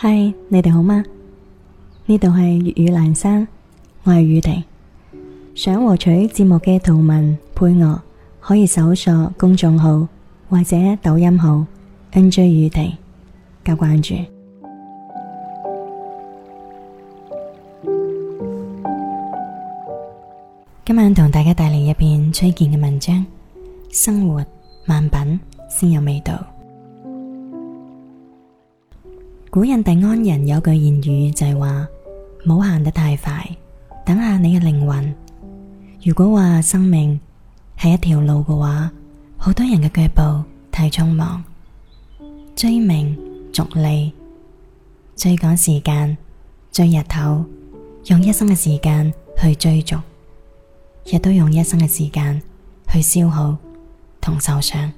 嗨，Hi，你哋好嗎？呢度係粵語蘭山，我係宇婷。想獲取節目嘅圖文配樂，可以搜索公眾號或者抖音號 NJ 宇婷加關注。今晚同大家帶嚟一篇崔健嘅文章：生活慢品先有味道。古印第安人有句諺語就係話，唔好行得太快，等下你嘅靈魂。如果話生命係一條路嘅話，好多人嘅腳步太匆忙，追名逐利，追趕時間，追日頭，用一生嘅時間去追逐，亦都用一生嘅時間去消耗同受傷。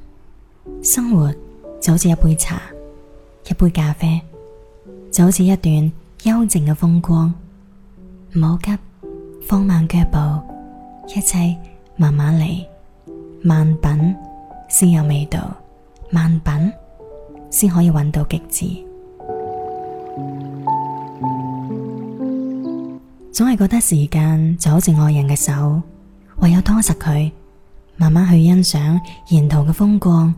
生活就好似一杯茶，一杯咖啡。就好似一段幽靜嘅風光，唔好急，放慢腳步，一切慢慢嚟，慢品先有味道，慢品先可以揾到極致。總係覺得時間就好似愛人嘅手，唯有拖實佢，慢慢去欣賞沿途嘅風光，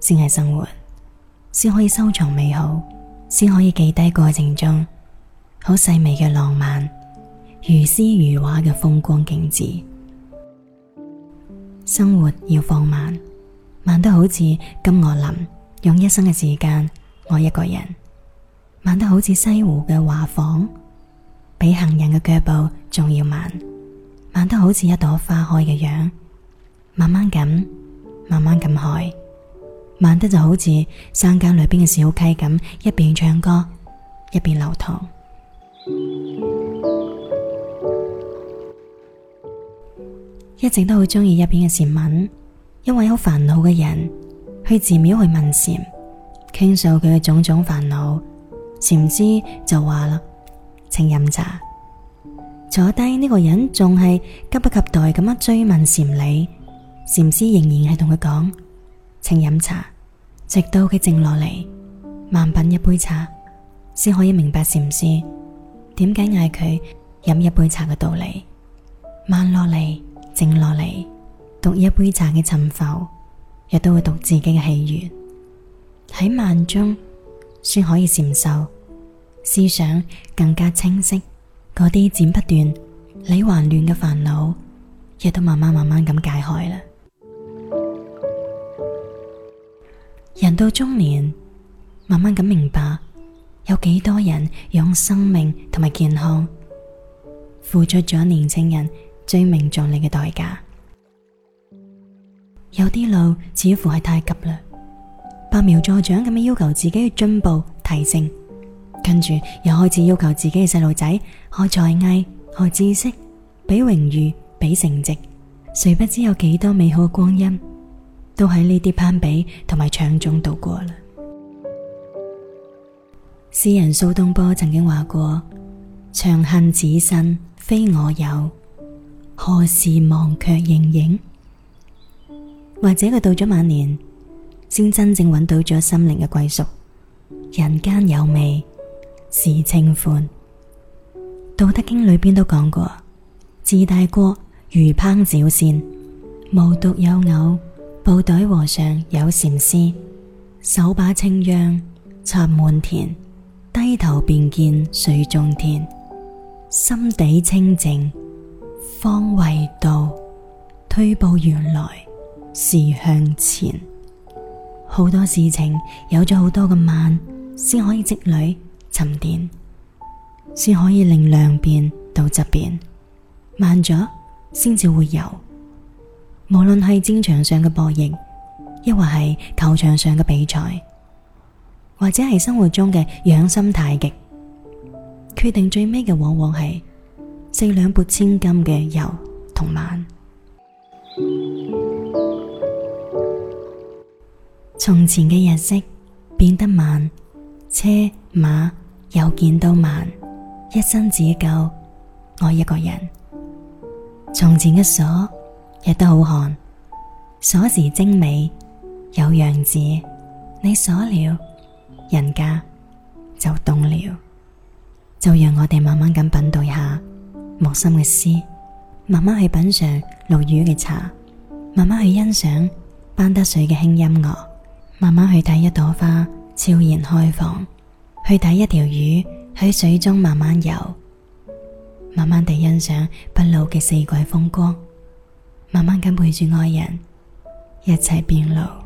先係生活，先可以收藏美好。先可以記低過程中好細微嘅浪漫，如詩如畫嘅風光景致。生活要放慢，慢得好似金岳霖用一生嘅時間愛一個人，慢得好似西湖嘅畫舫，比行人嘅腳步仲要慢，慢得好似一朵花開嘅樣，慢慢咁，慢慢咁開。慢得就好似山間裏邊嘅小溪咁，一邊唱歌，一邊流淌。 一直都好鍾意一篇嘅禪文，因為有煩惱嘅人去寺廟去問禪，傾訴佢嘅種種煩惱，禪師就話啦：請飲茶。坐低，呢個人仲係急不及待咁樣追問禪理，禪師仍然係同佢講。請飲茶，直到佢靜落嚟，慢品一杯茶，先可以明白禪師點解嗌佢飲一杯茶嘅道理。慢落嚟，靜落嚟，讀一杯茶嘅沉浮，亦都會讀自己嘅喜憂。喺慢中，先可以禪修，思想更加清晰。嗰啲剪不斷、理還亂嘅煩惱，亦都慢慢慢慢咁解開啦。人到中年，慢慢咁明白，有幾多人用生命同埋健康付出咗年青人追名逐利嘅代價。有啲路似乎係太急啦，拔苗助長咁樣要求自己嘅進步提升，跟住又開始要求自己嘅細路仔學才藝、學知識，比榮譽、比成績，誰不知有幾多美好嘅光陰，都喺呢啲攀比同埋搶中度過啦。詩人蘇東坡曾經話過：長恨此身非我有，何時忘卻營營？或者佢到咗晚年，先真正揾到咗心靈嘅歸宿。人間「人間有味，是清歡。道德經裏邊都講過：治大國如烹小鮮，無獨有偶。布袋和尚有禪詩，手把青秧插滿田，低頭便見水中天。心地清淨方為道，退步原來是向前。好多事情有咗好多嘅慢，先可以積累沉澱，先可以令量變到質變。慢咗先至會有。無論係戰場上嘅博弈，亦或係球場上嘅比賽，或者係生活中嘅養心太極，決定最尾嘅往往係四兩撥千斤嘅柔同慢。 從前嘅日色變得慢，車馬郵件都慢，一生只夠愛一個人。從前嘅鎖。鎖也好看，鎖匙精美，有樣子。你鎖了，人家就懂了。就讓我哋慢慢咁品讀下木心嘅詩，慢慢去品嘗陸羽嘅茶，慢慢去欣賞班德瑞嘅輕音樂，慢慢去睇一朵花悄然開放，去睇一條魚喺水中慢慢游，慢慢地欣賞不老嘅四季風光。慢慢咁陪住愛人，一齊變老。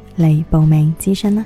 嚟報名諮詢啦！